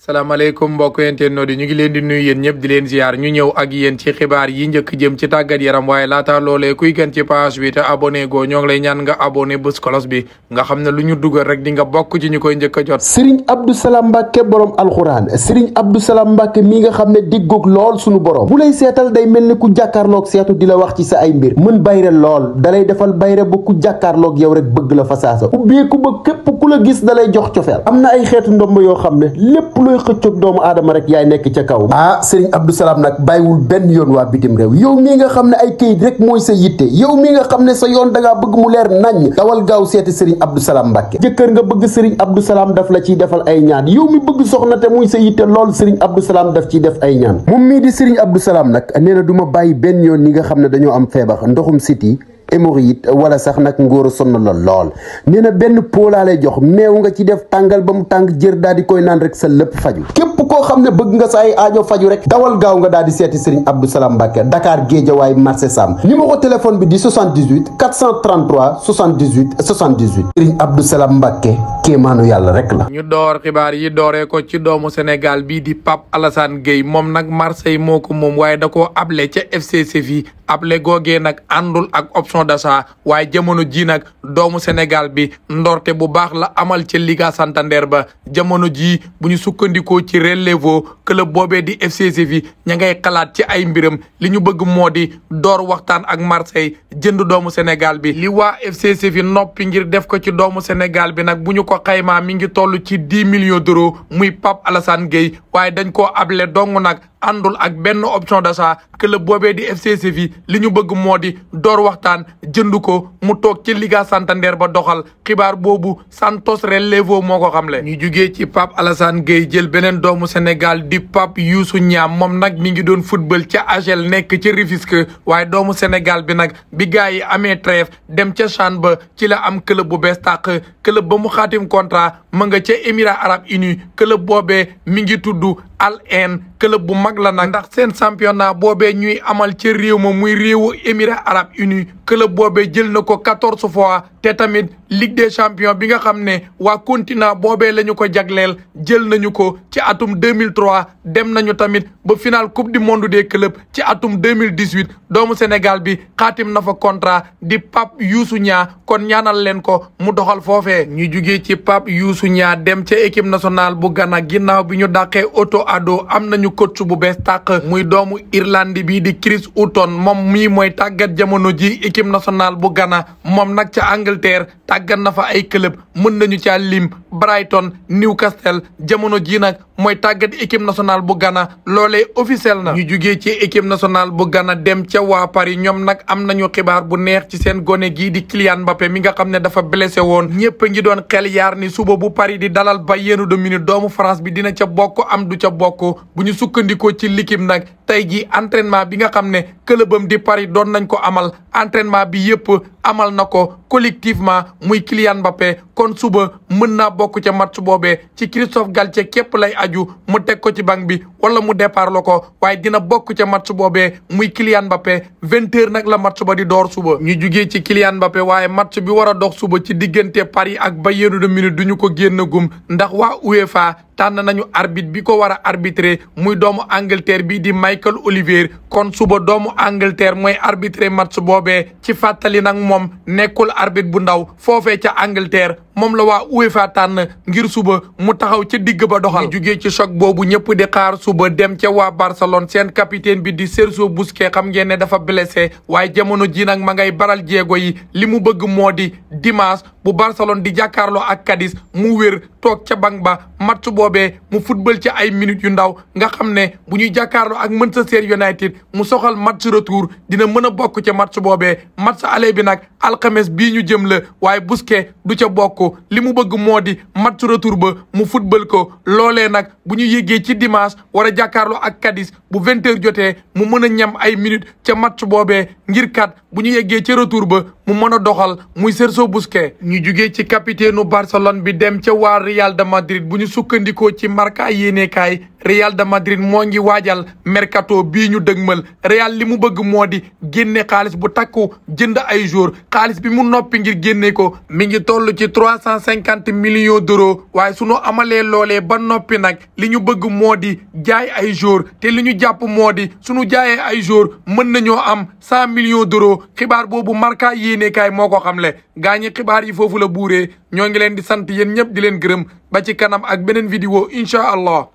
salaamaaleykum mbokk internautes yi ñu ngi leen di nuyu yéen ñëpp di leen ziar ñu ñëw ak yéen ci xibaar yi njëkk jëm ci tàggat yaram waaye laata loolee kuy gën ci page bi te abone goo ñoo ngi lay ñaan nga abonné bés kolos bi nga xam ne lu ñu dugal rek di nga bokk ci ñu koy njëkk a jot Serigne Abdou Salam Mbacke borom alxuraan Serigne Abdou salaam Mbacke mi nga xam ne diggoog lool suñu borom bu lay seetal day mel ni ku jàkkaarloog seetu di la wax ci sa ay mbir mën bayre lool dalay defal bayre ba ku jàkkaarloog yow rek bëgg la fa saasa ubbeeku ba képp ku la gis dalay jox cofeel am na ay xeetu ndomb yoo xam ne lépp looy xëccoog doomu aadama rek yaay nekk ca kaw ah sëriñ Abdou Salam nag bàyyiwul benn yoon waa bitim réew yow mii nga xam ne ay këyit rek mooy sa yitte yow mii nga xam ne sa yoon dangaa bëgg mu leer naññ dawal gaaw seeti sëriñ Abdou salaam Mbàkke jëkkër nga bëgg sëriñ Abdou Salam daf la ciy defal ay ñaan yow mi bëgg soxna te muy sa yitte lool sëriñ Abdou salaam daf ciy def ay ñaan moom mii di sëriñ Abdou Salam nag nee na du ma bàyyi benn yoon ñi nga xam ne dañoo am feebar ndoxum siti hémorroïde wala sax nag ngóor sonn la lool nee na benn pot laa lay jox meew nga ci def tàngal ba mu tàng jër daal di koy naan rek sa lépp faju képp koo xam ne bëgg nga ay aajo faju rek dawal gaaw nga daal di seeti sëriñ Abdou dakaar Mbacke Dakar Géejawaay marché Sam numéro téléphone bi di 78 433 78 78 sëriñ Abdou Salam Mbacke kéemaanu yàlla rek la. ñu door xibaar yi dooree ko ci doomu Sénégal bii di Pape Alassane Gueye moom nag Marseille moo ko moom waaye da koo able ca FC Séville able googee nag àndul gestion d'achat waaye jamono ji nag doomu Sénégal bi ndorte bu baax la amal ca Liga Santander ba jamono jii bu ñu sukkandikoo ci Relevo club boobe di FC Séville ña ngay xalaat ci ay mbiram li ñu bëgg moo di door waxtaan ak Marseille jënd doomu Sénégal bi li waa FC Séville noppi ngir def ko ci doomu Sénégal bi nag bu ñu ko xaymaa mi ngi toll ci dix millions d'euros muy Pape Alassane Gueye waaye dañ koo able dong nag àndul ak benn option d'achat club boobee di FC Séville li ñu bëgg moo di door waxtaan jëndu ko mu toog ci Liga Santander ba doxal xibaar boobu Santos Relevo moo ko xamle. ñu jugee ci Pape Alassane Gueye jël beneen doomu Sénégal di Pape Youssou ñaam moom nag mi ngi doon football ca AGEL nekk ci Rufisque waaye doomu Sénégal bi nag bi gars yi amee trêve dem ca CHAN ba ci la am club bu bees tàq club ba mu xaatim contrat ma nga ca Émirats arabes unis club boobee mi ngi tudd Al Ain club bu mag la nag ndax seen championnat boobee ñuy amal ci réew ma muy réewu Émirats arabes unis club boobee jël na ko quatorze fois te tamit ligue des champions bi nga xam ne waa continent boobee lañu ko jagleel jël nañu ko ci atum 2003 dem nañu tamit ba final coupe du monde des clubs ci atum 2018 doomu Sénégal bi xaatim na fa contrat di Pape Youssou ñaa kon ñaanal leen ko mu doxal foofee ñu jugee ci Pape Youssou Niang dem ca équipe nationale bu gana ginnaaw bi ñu dàqee auto ado am nañu coach bu bees tàq muy doomu Irlande bi di Chris Houghton moom mii mooy tàggat jamono ji équipe nationale bu Ghana moom nag ca Angleterre tàggat na fa ay club mën nañu caa lim Brighton Newcastle jamono ji nag mooy tàggat équipe nationale bu Ghana loole officiel na. ñu jugee ci équipe nationale bu Ghana dem ca waa Paris ñoom nag am nañu xibaar bu neex ci seen gone gii di Kylian Mbappé mi nga xam ne dafa blessé woon ñëpp ngi doon xel yaar ni suba bu Paris di dalal Bayern de Munich doomu France bi dina ca bokk am du ca bokk bu ñu sukkandikoo ci likim nag tey jii entraînement bi nga xam ne clubam di Paris doon nañ ko amal entraînement bi yëpp amal na ko collectivement muy Kylian Mbappé kon suba mën naa bokk ca match boobee ci Christophe Galtier képp lay aju mu teg ko ci banc bi wala mu départ la ko waaye dina bokk ca match boobee muy Kylian Mbappé vingt nag la match ba di door suba. ñu jugee ci Kylian Mbappé waaye match bi war a dox suba ci diggante Paris ak Bayern de Munich duñu ko génn gum ndax waa UEFA tànn nañu arbitre bi ko war a arbitrer muy doomu Angleterre bi di Mike Michael Olivier kon suba doomu Angleterre mooy arbitré match boobee ci fàttali nag moom nekkul arbitre bu ndaw foofe ca Angleterre moom la waa UEFA tànn ngir suba mu taxaw ca digg ba doxal. jugee ci choc boobu ñëpp di xaar suba dem ca waa Barcelone seen capitaine bi di Sergio Busquets xam ngeen ne dafa blessé waaye jamono ji nag ma ngay baral jéego yi li mu bëgg moo di dimanche bu Barcelone di jàkkaarloo ak kadis mu wér toog ca banc ba match boobee mu football ci ay minutes yu ndaw nga xam ne bu ñuy jàkkaarloo ak mën Manchester United mu soxal mat match retour dina mën a bokk ca match boobee match aller bi nag alxames bii ñu jëm la waaye Busquets du ca bokk. kooku li mu bëgg moo di match retour ba mu football ko loolee nag bu ñu yéggee ci dimanche war a jàkkaarloo ak Cadiz bu vingt heures jotee mu mën a ñam ay minutes ca match boobee ngir kat bu ñu yeggee ca retour ba mu mën a doxal muy Sergio Busquets ñu jugee ci capitaine Barcelone bi dem ca waa Real de Madrid bu ñu sukkandikoo ci Marca yéenekaay Real de Madrid moo ngi waajal mercato bii ñu dëgmal Real li mu bëgg moo di génne xaalis bu takku jënd ay jour xaalis bi mu noppi ngir génne ko mi ngi toll ci trois cent cinquante millions d'euros waaye sunu amalee loolee ba noppi nag li ñu bëgg moo di jaay ay jour te li ñu jàpp moo di sunu jaaye ay jour mën nañoo am cent millions d'euros xibaar boobu Marca yéenekaay moo ko xamle gaa ñi xibaar yi foofu la buuree ñoo ngi leen di sant yéen ñëpp di leen gërëm ba ci kanam ak beneen vidéo incha allah